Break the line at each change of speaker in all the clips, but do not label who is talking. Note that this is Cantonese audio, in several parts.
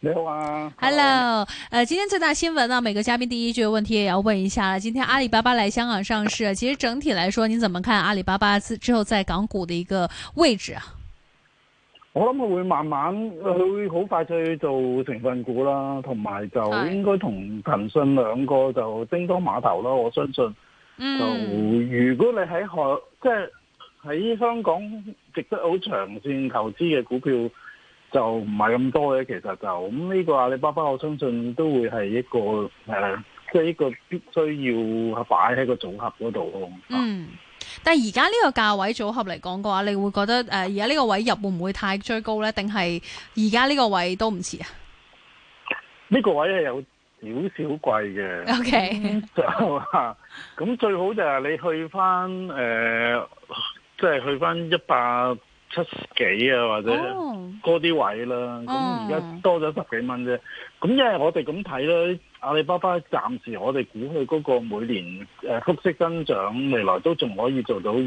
你好啊，Hello，
誒、呃，今天最大新聞啊，每個嘉賓第一句嘅問題也要問一下。今天阿里巴巴來香港上市，啊，其實整體來說，你怎麼看阿里巴巴之之後在港股的一個位置啊？
我諗佢會慢慢，佢會好快就去做成分股啦，同埋就應該同騰訊兩個就叮噹碼頭啦。我相信，嗯、
就
如果你喺海，即係喺香港值得好長線投資嘅股票。就唔係咁多嘅。其實就咁呢個阿里巴巴，我相信都會係一個誒，即係一個必須要擺喺個組合嗰度咯。嗯，
但係而家呢個價位組合嚟講嘅話，你會覺得誒而家呢個位入會唔會太追高咧？定係而家呢個位都唔遲啊？
呢個位係有少少貴嘅。O K 咁最好就係你去翻誒，即係去翻一百。七十幾啊，或者多啲位啦。咁而家多咗十幾蚊啫。咁因為我哋咁睇咧，阿里巴巴暫時我哋估佢嗰個每年誒、呃、複式增長，未來都仲可以做到二十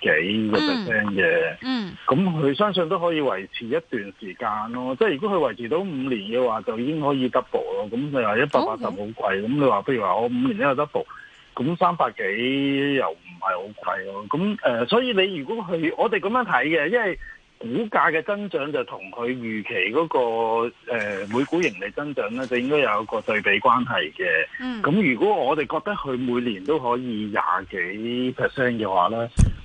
幾個 percent 嘅。嗯，咁佢相信都可以維持一段時間咯。即係如果佢維持到五年嘅話，就已經可以 double 咯。咁你話一百八十好貴，咁 Okay. 你話譬如話我五年都有 double。咁三百幾又唔係好貴咯，啊，咁誒、呃，所以你如果去我哋咁樣睇嘅，因為股價嘅增長就同佢預期嗰、那個、呃、每股盈利增長咧，就應該有一個對比關係嘅。咁、嗯、如果我哋覺得佢每年都可以廿幾 percent 嘅話咧，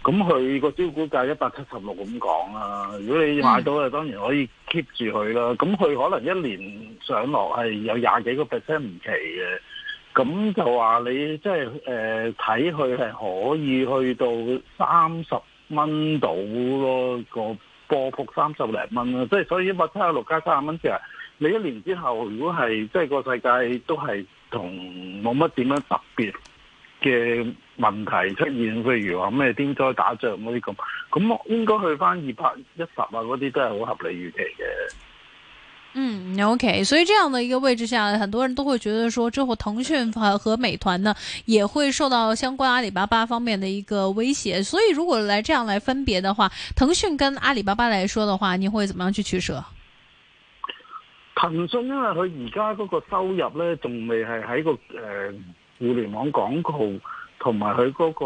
咁佢個招股價一百七十六咁講啦。如果你買到呀，嗯、當然可以 keep 住佢啦。咁佢可能一年上落係有廿幾個 percent 唔奇嘅。咁就話你即係誒睇佢係可以去到三十蚊到咯，個波幅三十零蚊啦。即係所以一百七十六加三十蚊啫。你一年之後，如果係即係個世界都係同冇乜點樣特別嘅問題出現，譬如話咩天災打仗嗰啲咁，咁應該去翻二百一十啊，嗰啲都係好合理預期嘅。
嗯，OK，所以這樣的一個位置下，很多人都會覺得說之後騰訊和美團呢，也會受到相關阿里巴巴方面的一個威脅。所以如果來這樣來分別的話，騰訊跟阿里巴巴來說的話，你會怎麼樣去取捨？
騰訊因為佢而家嗰個收入呢，仲未係喺個誒、呃、互聯網廣告。同埋佢嗰個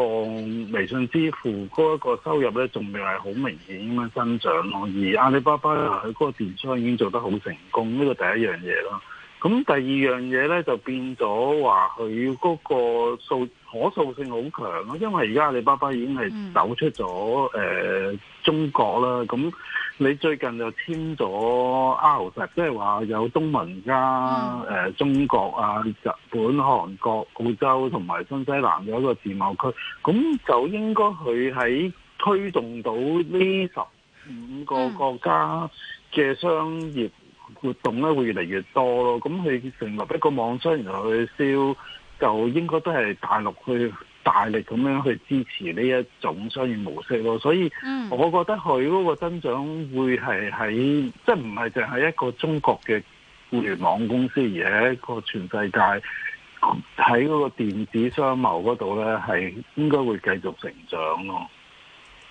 微信支付嗰一個收入咧，仲未係好明顯咁樣增長咯。而阿里巴巴咧，佢嗰個電商已經做得好成功，呢個第一樣嘢咯。咁第二樣嘢咧，就變咗話佢嗰個數可塑性好強咯，因為而家阿里巴巴已經係走出咗誒、嗯呃、中國啦。咁、嗯你最近又簽咗 R 實，即係話有東盟加誒、呃、中國啊、日本、韓國、澳洲同埋新西蘭嘅一個自貿區，咁就應該佢喺推動到呢十五個國家嘅商業活動咧，會越嚟越多咯。咁佢成立一個網商然後去銷，就應該都係大陸去。大力咁樣去支持呢一種商業模式咯，所以、嗯、我覺得佢嗰個增長會係喺即係唔係淨係一個中國嘅互聯網公司，而係一個全世界喺嗰個電子商貿嗰度咧，係應該會繼續成長咯。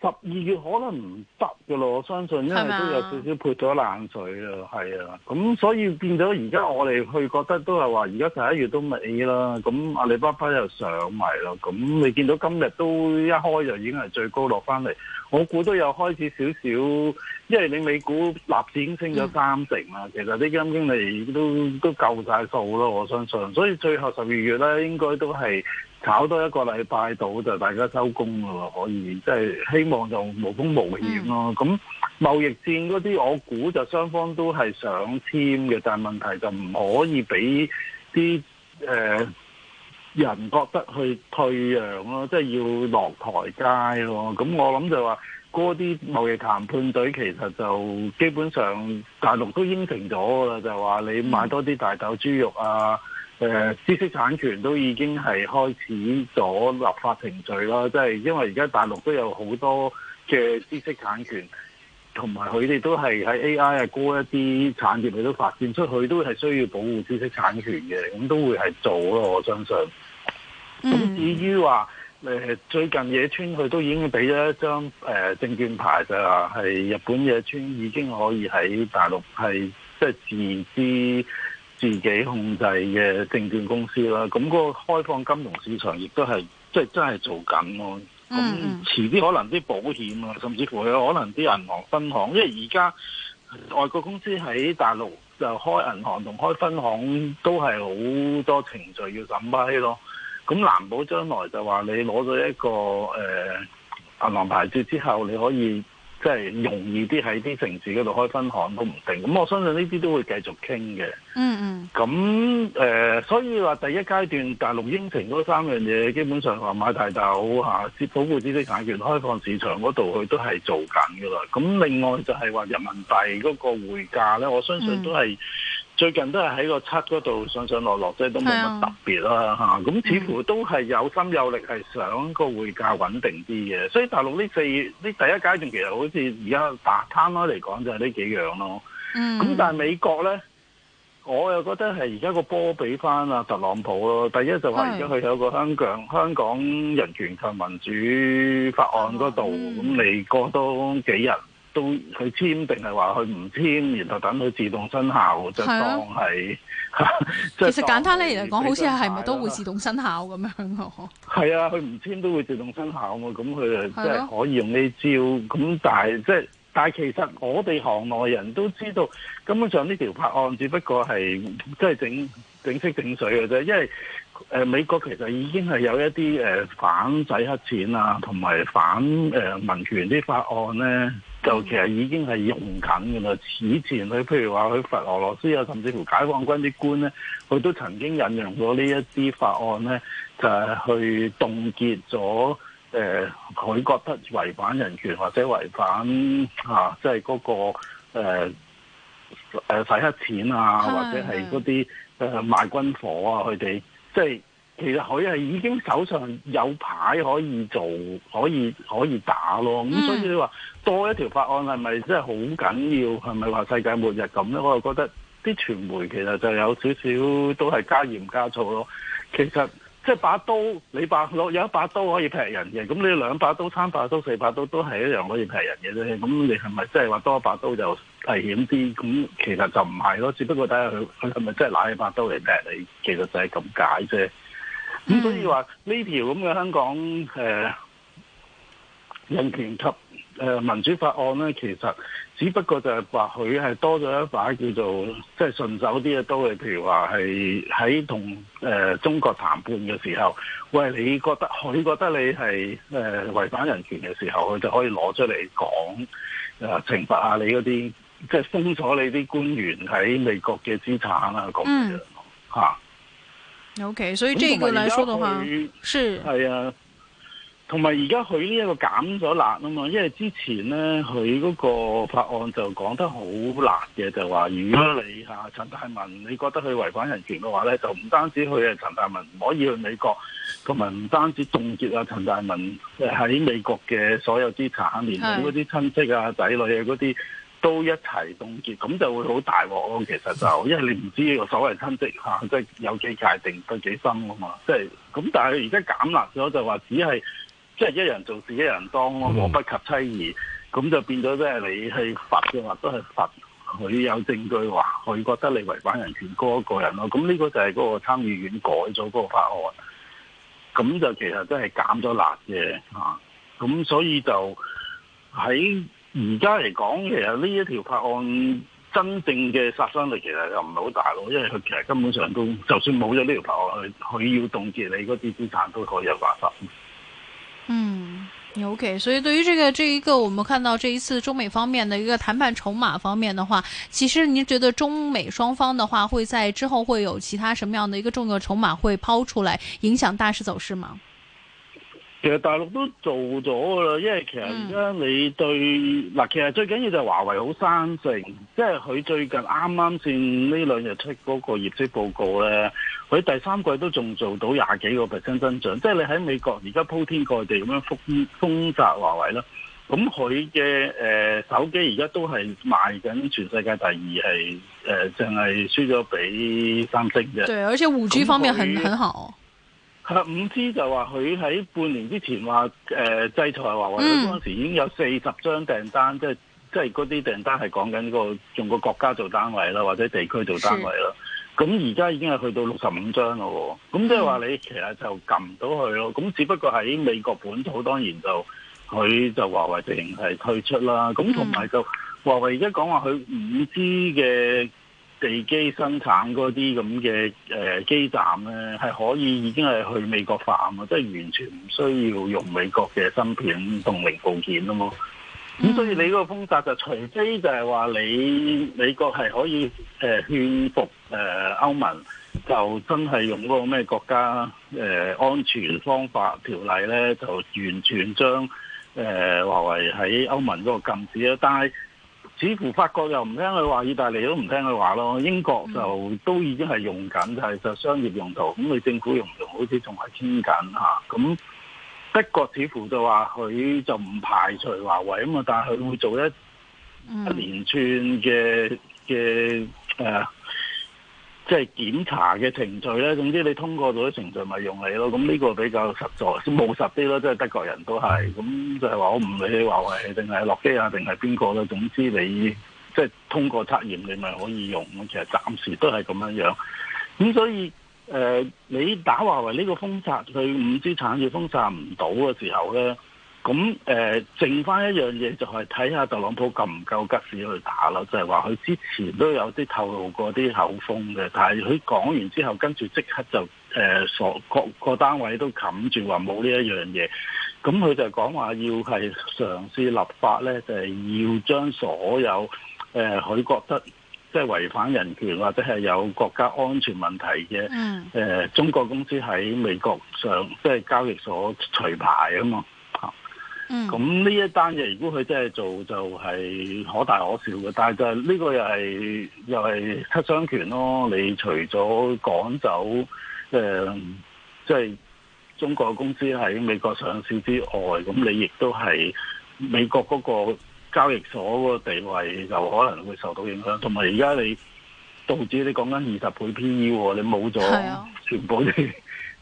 十二月可能唔得嘅咯，我相信，因為都有少少潑咗冷水咯，係啊吧，咁所以變咗而家我哋去覺得都係話，而家十一月都尾啦，咁阿里巴巴又上埋咯，咁你見到今日都一開就已經係最高落翻嚟。我估都有開始少少，因為你美股納指已經升咗三成啦，嗯、其實啲金經理都都夠晒數咯，我相信。所以最後十二月咧，應該都係炒多一個禮拜到就大家收工噶喎，可以即係、就是、希望就無風無險咯。咁、嗯、貿易戰嗰啲，我估就雙方都係想簽嘅，但係問題就唔可以俾啲誒，呃人覺得去退讓咯，即係要落台階咯。咁我諗就話嗰啲貿易談判隊其實就基本上大陸都應承咗㗎啦，就話你買多啲大豆豬肉啊，誒、呃、知識產權都已經係開始咗立法程序啦。即係因為而家大陸都有好多嘅知識產權。同埋佢哋都係喺 AI 啊，嗰一啲產業佢都發展出去，都係需要保護知識產權嘅，咁都會係做咯。我相信。咁至於話，誒，最近野村佢都已經俾咗一張誒、呃、證券牌，就係日本野村已經可以喺大陸係即係自資自己控制嘅證券公司啦。咁、那、嗰個開放金融市場亦都係即係真係做緊咯。咁、嗯、遲啲可能啲保險啊，甚至乎有可能啲銀行分行，因為而家外國公司喺大陸就開銀行同開分行都係好多程序要審批咯。咁難保將來就話你攞咗一個誒、呃、銀行牌照之後，你可以。即係容易啲喺啲城市嗰度開分行都唔定，咁我相信呢啲都會繼續傾嘅。嗯嗯。咁誒、呃，所以話第一階段大陸應承嗰三樣嘢，基本上話買大豆接、啊、保護知識產權、開放市場嗰度，佢都係做緊㗎喇。咁另外就係話人民幣嗰個匯價咧，我相信都係。嗯最近都係喺個七嗰度上上落落，即係都冇乜特別啦嚇。咁、啊啊、似乎都係有心有力係想個匯價穩定啲嘅。所以大陸呢四，呢第一階段其實好似而家打攤啦嚟講，就係呢幾樣咯。
咁、嗯、但
係美國咧，我又覺得係而家個波俾翻啊特朗普咯。第一就話而家佢有個香港是香港人權及民主法案嗰度，咁你、嗯、過多幾日。到佢簽定係話佢唔簽，然後等佢自動生效，啊、就當係。 其實簡單
咧嚟講，好似係咪都會自動生效咁樣？
係 啊，佢唔簽都會自動生效喎。咁佢啊，即係可以用呢招。咁、啊、但係即係，但係其實我哋行內人都知道，根本上呢條法案只不過係即係整整色整水嘅啫。因為誒、呃、美國其實已經係有一啲誒、呃、反洗黑錢啊，同埋反誒、呃、民權啲法案咧。就其實已經係用緊㗎啦。此前佢譬如話佢罰俄羅斯啊，甚至乎解放軍啲官咧，佢都曾經引用咗呢一啲法案咧，就係、是、去凍結咗誒，佢、呃、覺得違反人權或者違反啊，即係嗰個誒誒、呃、洗黑錢啊，或者係嗰啲誒賣軍火啊，佢哋即係。就是其實佢係已經手上有牌可以做，可以可以打咯。咁所以你話多一條法案係咪真係好緊要？係咪話世界末日咁咧？我就覺得啲傳媒其實就有少少都係加鹽加醋咯。其實即係把刀，你把攞有一把刀可以劈人嘅。咁你兩把刀、三把刀、四把刀都係一樣可以劈人嘅咧。咁你係咪真係話多一把刀就危險啲？咁其實就唔係咯。只不過睇下佢佢係咪真係攞一把刀嚟劈你，其實就係咁解啫。咁、嗯、所以話呢條咁嘅香港誒、呃、人權及誒民主法案咧，其實只不過就係話佢係多咗一把叫做即係順手啲嘅刀嘅，譬如話，係喺同誒中國談判嘅時候，喂，你覺得佢覺得你係誒、呃、違反人權嘅時候，佢就可以攞出嚟講誒懲罰下你嗰啲，即係封鎖你啲官員喺美國嘅資產啊咁樣嚇。等等。
OK，所以呢一
個咧，收到嘛？是啊，同埋而家佢呢一個減咗辣啊嘛，因為之前呢，佢嗰個法案就講得好辣嘅，就話如果你啊陳大文，你覺得佢違反人權嘅話呢，就唔單止佢啊，陳大文唔可以去美國，同埋唔單止凍結啊陳大文喺美國嘅所有資產，連同嗰啲親戚啊、仔女啊嗰啲。都一齊凍結，咁就會好大鑊咯。其實就是，因為你唔知所謂親戚嚇、啊，即係有幾界定，都幾深啊嘛。即係咁，但係而家減辣咗，就話只係即係一人做事一人當咯，我不及妻兒。咁就變咗即係你去罰嘅話，都係罰佢有證據話，佢、啊、覺得你違反人權嗰個人咯。咁、啊、呢、這個就係嗰個參議院改咗嗰個法案，咁就其實都係減咗辣嘅嚇。咁、啊啊嗯、所以就喺。而家嚟講，其實呢一條法案真正嘅殺傷力，其實又唔係好大咯，因為佢其實根本上都，就算冇咗呢條法案，佢要凍結你嗰啲資產，都可以有辦法。
嗯，OK，所以對於呢個這一個、這個，我們看到這一次中美方面嘅一個談判籌碼方面的話，其實你覺得中美雙方的話，會在之後會有其他什麼樣的一個重要籌碼會拋出來，影響大市走勢嗎？
其實大陸都做咗噶啦，因為其實而家你對嗱，嗯、其實最緊要就係華為好生性，即係佢最近啱啱先呢兩日出嗰個業績報告咧，佢第三季都仲做到廿幾個 percent 增長，即係你喺美國而家鋪天蓋地咁樣封封殺華為啦，咁佢嘅、誒手機而家都係賣緊全世界第二，係誒淨係輸咗俾三星嘅。對，而且五 G 方面，很佢很好。五 G 就話佢喺半年之前話誒、呃、制裁華為，當時已經有四十張訂單，嗯、即係即係嗰啲訂單係講緊個用個國家做單位啦，或者地區做單位啦。咁而家已經係去到六十五張咯喎，咁即係話你其實就撳唔到佢咯。咁、嗯、只不過喺美國本土當然就佢就華為仍然係退出啦。咁同埋就華為而家講話佢五 G 嘅。地基生產嗰啲咁嘅誒基站咧，係可以已經係去美國化啊嘛，即係完全唔需要用美國嘅芯片同零部件咯。咁、嗯、所以你嗰個封殺就除非就係話你美國係可以誒、呃、勸服誒、呃、歐盟，就真係用嗰個咩國家誒、呃、安全方法條例咧，就完全將誒、呃、華為喺歐盟嗰度禁止咧，但係，似乎法國又唔聽佢話，意大利都唔聽佢話咯。英國就都已經係用緊，就係、是、就商業用途。咁佢政府用唔用？好似仲係傾緊吓。咁德國似乎就話佢就唔排除華為啊嘛，但係佢會做一一連串嘅嘅呃。即係檢查嘅程序咧，總之你通過咗啲程序咪用你咯。咁呢個比較實在，務實啲咯。即係德國人都係，咁就係話我唔理你華為定係諾基亞定係邊個啦。總之你即係通過測驗，你咪可以用。其實暫時都係咁樣樣。咁所以誒、呃，你打華為呢個封殺，佢五 G 產業封殺唔到嘅時候咧。咁誒、呃，剩翻一樣嘢就係睇下特朗普夠唔夠吉士去打咯，就係話佢之前都有啲透露過啲口風嘅，但係佢講完之後，跟住即刻就誒、呃、所各個單位都冚住話冇呢一樣嘢。咁佢就講話要係嘗試立法咧，就係、是、要將所有誒佢、呃、覺得即係違反人權或者係有國家安全問題嘅誒、呃、中國公司喺美國上即係、就是、交易所除牌啊嘛。咁呢、嗯、一單嘢，如果佢真係做，就係可大可小嘅。但係就呢個又係又係七傷拳咯。你除咗趕走誒，即、呃、係、就是、中國公司喺美國上市之外，咁、嗯、你亦都係美國嗰個交易所個地位就可能會受到影響。同埋而家你道指你講緊二十倍 P E，你冇咗全部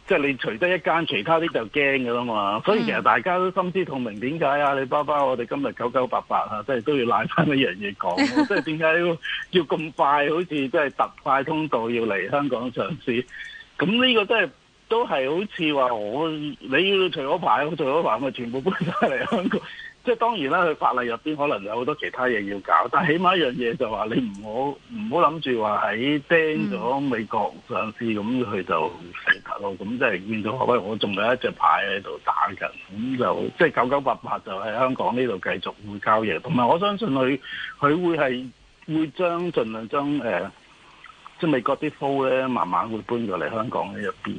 即係你除得一間，其他啲就驚㗎啦嘛，所以其實大家都心知肚明點解阿里巴巴我哋今日九九八八,八啊，即係都要賴翻一樣嘢講， 即係點解要咁快，好似即係特快通道要嚟香港上市？咁呢個真係都係好似話我你要除咗牌，我除咗牌咪全部搬晒嚟香港。即係當然啦，佢法例入邊可能有好多其他嘢要搞，但係起碼一樣嘢就話你唔好唔好諗住話喺釘咗美國上市咁佢、嗯、就死得咯。咁即係見到喂，我仲有一隻牌喺度打緊，咁就即係、就是、九九八八就喺香港呢度繼續會交易，同埋我相信佢佢會係會將盡量將誒即係美國啲 flow 咧，慢慢會搬過嚟香港呢一邊。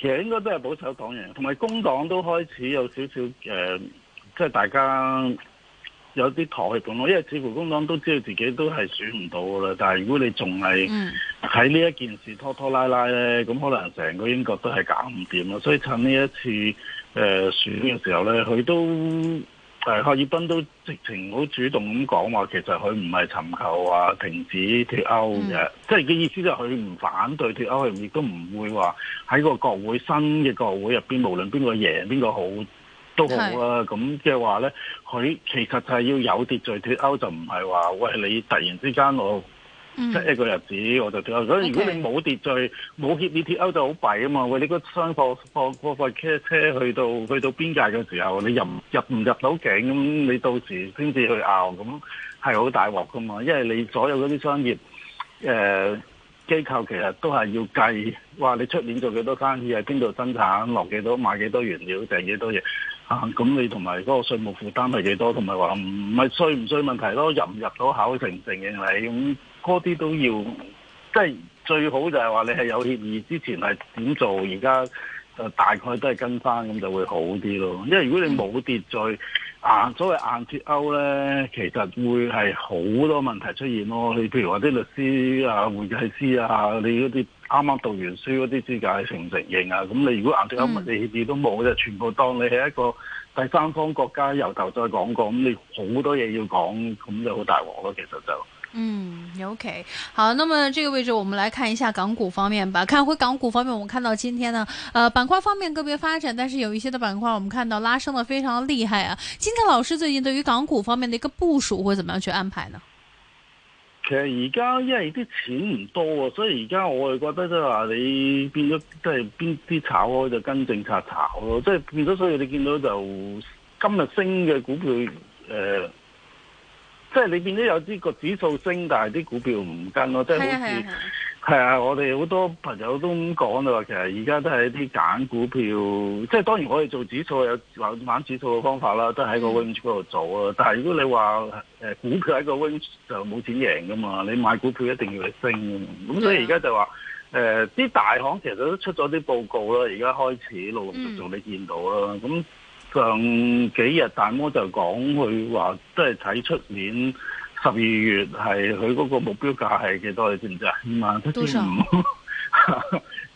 其實應該都係保守黨贏，同埋工黨都開始有少少，誒、呃，即係大家有啲抬盤咯。因為似乎工黨都知道自己都係選唔到噶啦，但係如果你仲係喺呢一件事拖拖拉拉咧，咁可能成個英國都係搞唔掂咯。所以趁呢一次，誒、呃，選嘅時候咧，佢都。誒，克爾賓都直情好主動咁講話，其實佢唔係尋求話停止脱歐嘅，嗯、即係嘅意思就係佢唔反對脱歐，亦都唔會話喺個國會新嘅國會入邊，無論邊個贏邊個好都好啊。咁即係話咧，佢其實就係要有秩序脱歐就，就唔係話喂，你突然之間我。即、mm hmm. 一個日子我就脱，所以如果你冇秩序冇協議脱歐就好弊啊嘛！你個商貨貨貨貨車去到去到邊界嘅時候，你入入唔入到境咁，你到時先至去拗咁，係好大鑊噶嘛！因為你所有嗰啲商業誒、呃、機構其實都係要計，哇！你出年做幾多生意生多多多啊？邊度生產落幾多買幾多原料訂幾多嘢啊？咁你同埋嗰個稅務負擔係幾多？同埋話唔係稅唔稅問題咯，入唔入到口承唔承認你咁。嗯嗰啲都要，即係最好就係話你係有協議之前係點做，而家誒大概都係跟翻咁就會好啲咯。因為如果你冇秩序，硬、嗯啊、所謂硬脫歐咧，其實會係好多問題出現咯。你譬如話啲律師啊、會計師啊，你嗰啲啱啱讀完書嗰啲資格係承唔承認啊？咁你如果硬脫歐，乜嘢協議都冇就全部當你係一個第三方國家由頭再講過，咁你好多嘢要講，咁就好大鑊咯。其實就。
嗯，OK，好，那麼這個位置我們來看一下港股方面吧。看回港股方面，我們看到今天呢、啊，呃，板塊方面個別發展，但是有一些的板塊，我們看到拉升得非常厲害啊。金泰老師最近對於港股方面的一個部署會怎麼樣去安排呢？
其實而家因為啲錢唔多、哦，啊，所以而家我係覺得即係話你變咗即係邊啲炒開就跟政策炒咯，即、就、係、是、變咗所以你見到就今日升嘅股票誒。呃即係你變咗有啲個指數升，但係啲股票唔跟咯，即係好似係啊！我哋好多朋友都咁講啦，話其實而家都係一啲揀股票，即係當然我哋做指數有玩指數嘅方法啦，都喺個 wind 嗰度做啊，但係如果你話誒、呃、股票喺個 wind 就冇錢贏噶嘛，你買股票一定要佢升嘅。咁所以而家就話誒啲大行其實都出咗啲報告啦，而家開始陸陸續續你見到啦。咁、嗯嗯上幾日大摩就講佢話，即係睇出年十二月係佢嗰個目標價係幾多，你知唔知啊？二萬七千五。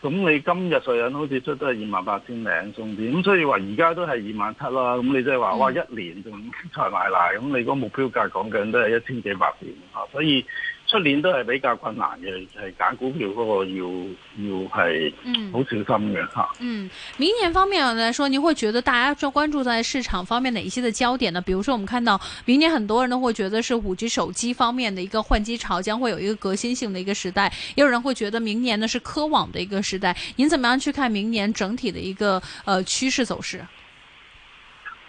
咁你今日瑞銀好似出得係二萬八千零，重點所以話而家都係二萬七啦。咁你即係話哇一年仲跌曬埋嚟，咁你嗰目標價講緊都係一千幾百點啊，所以。出年都係比較困難嘅，係揀股票嗰個要要係好小心嘅吓。嗯，
明年方面來說，您會覺得大家專關注在市場方面哪一些的焦點呢？比如說，我們看到明年很多人都會覺得是五 G 手機方面的一個換機潮，將會有一個革新性的一個時代，也有人會覺得明年呢是科網的一個時代。您怎麼樣去看明年整體的一個呃趨勢走勢？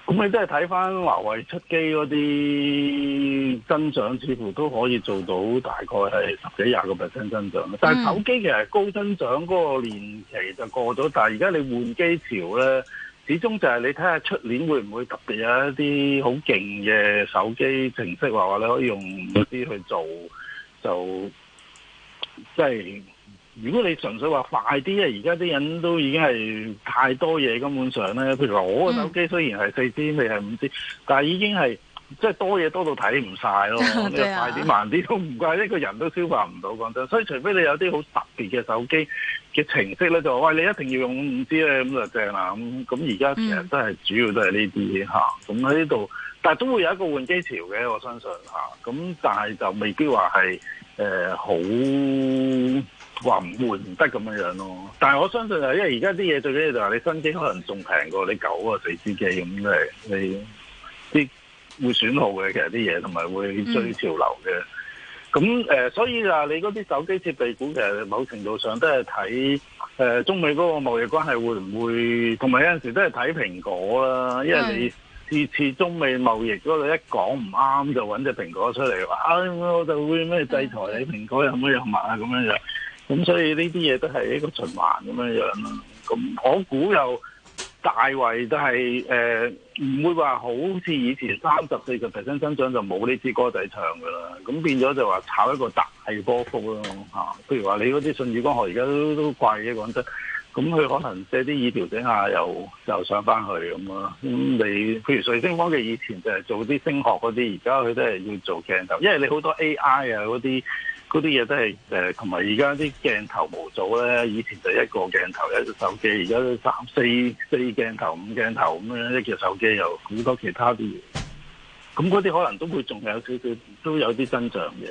咁你真係睇翻華為出機嗰啲增長，似乎都可以做到大概係十幾廿個 percent 增長。但係手機其實高增長嗰個年期就過咗，但係而家你換機潮咧，始終就係你睇下出年會唔會特別有一啲好勁嘅手機程式，話話你可以用嗰啲去做，就即係。就係如果你純粹話快啲咧，而家啲人都已經係太多嘢，根本上咧，譬如我個手機雖然係四 G，、mm. 你係五 G，但係已經係即係多嘢多到睇唔晒咯。 的你快啲慢啲都唔怪，一個人都消化唔到講真。所以除非你有啲好特別嘅手機嘅程式咧，就話喂你一定要用五 G 咧，咁就正啦。咁咁而家其實都係、mm. 主要都係呢啲吓。咁喺呢度，但係都會有一個換機潮嘅，我相信吓。咁但係就未必話係誒好。話唔換唔得咁樣樣咯，但係我相信啊，因為而家啲嘢最緊要就係你新機可能仲平過你舊啊四 G 機咁，你啲會損耗嘅其實啲嘢，同埋會追潮流嘅。咁誒、嗯呃，所以啊，你嗰啲手機設備股其實某程度上都係睇誒中美嗰個貿易關係會唔會，同埋有陣時都係睇蘋果啦、啊，因為你次、嗯、次中美貿易嗰度一講唔啱就揾隻蘋果出嚟，啊、哎，我就會咩制裁你蘋、嗯、果有乜有物啊咁樣樣。咁所以呢啲嘢都係一個循環咁樣樣咯。咁我估又大位都係誒，唔、呃、會話好似以前三十四個 percent 增長就冇呢支歌仔唱噶啦。咁變咗就話炒一個大波幅咯吓。譬如話你嗰啲舜宇光學而家都都貴嘅講真，咁佢可能借啲意調整下又，又又上翻去咁咯。咁你譬如瑞聲科技以前就係做啲聲學嗰啲，而家佢都係要做鏡頭，因為你好多 AI 啊嗰啲。嗰啲嘢都係誒，同埋而家啲鏡頭模組咧。以前就一個鏡頭，一個手機，而家三四四鏡頭、五鏡頭咁樣，一隻手機又好多其他啲嘢。咁嗰啲可能都會仲有少少，都有啲增長嘅。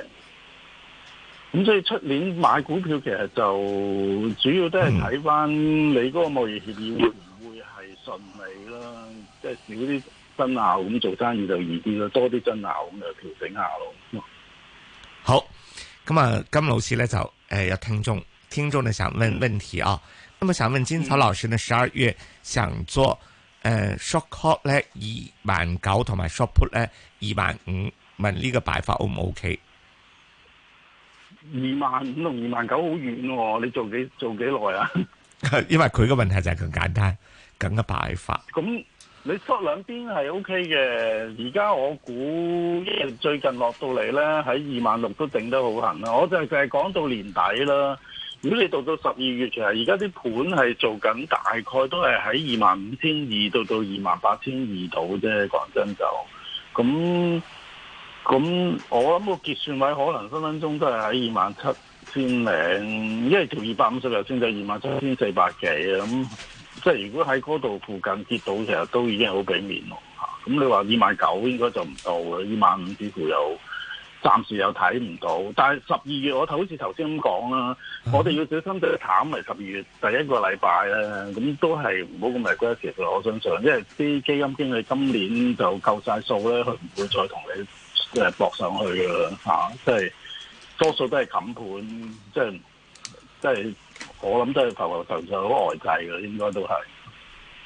咁、嗯、所以出年買股票其實就主要都係睇翻你嗰個貿易協議會唔會係順利啦，即、就、係、是、少啲爭拗，咁做生意就易啲啦。多啲爭拗咁就調整下咯。咁啊，金老師咧就誒，有、呃、聽眾聽眾咧想問問題啊。咁啊，想問金曹老師呢，十二月想做誒、呃、short call 咧二萬九，同埋 short put 咧二萬五，問呢個擺法 O 唔 O K？二萬五同二萬九好遠喎，你做幾做幾耐啊？ 因為佢嘅問題就係咁簡單，咁嘅擺法咁。你收兩邊係 O K 嘅，而家我估因為最近落到嚟呢，喺二萬六都頂得好行啦。我就係講到年底啦。如果你到到十二月，其實而家啲盤係做緊，大概都係喺二萬五千二到到二萬八千二度啫。講真就咁咁，我諗個結算位可能分分鐘都係喺二萬七千零，因為條二百五十日線就二萬七千四百幾咁。即係如果喺嗰度附近跌到，其實都已經好俾面咯嚇。咁你話二萬九應該就唔到喇，二萬五幾乎又暫時又睇唔到。但係十二月我頭好似頭先咁講啦，我哋、嗯嗯、要小心對淡嚟十二月第一個禮拜咧，咁都係唔好咁嚟得急嘅。我相信，因為啲基金經理今年就夠晒數咧，佢唔會再同你誒、呃、搏上去嘅嚇、啊。即係多數都係冚盤，即係即係。我諗都係投投上好外債嘅，應該都係。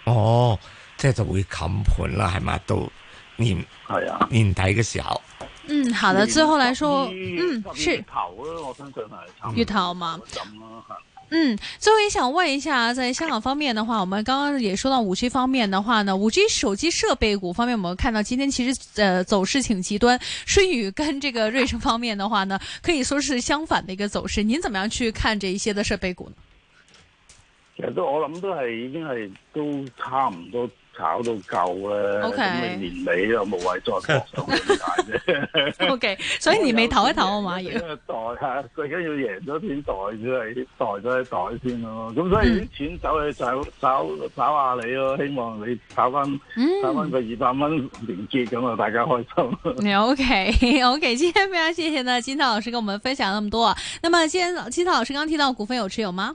哦，即係就會冚盤啦，係嘛到年係啊年底嘅時候。
嗯，好的，最後來說，嗯，是月頭啊，我相信係月頭嘛，咁啦、嗯，嗯，最後也想問一下，在香港方面的話，我們剛剛也說到五 G 方面的話呢，五 G 手機設備股方面，我們看到今天其實，誒、呃、走勢挺極端，舜宇跟這個瑞聲方面的話呢，可以說是相反的一個走勢。您怎麼樣去看這一些的設備股呢？
其實都我諗都係已經係都差唔多炒到夠啦。Okay. 年尾又無謂再搏咁大啫。
O K，所以年尾唞一唞，我話要
袋吓，最緊要贏咗先袋，即係、嗯、袋咗一袋先咯。咁所以啲錢走去炒，走走走下你咯，希望你炒翻炒翻個二百蚊連接咁啊，大家開心。
你 O K，O K，今天，okay. Okay. 非常謝謝呢，金濤老師跟我們分享咁多。那麼，金金濤老師，剛剛提到股份有持有嗎？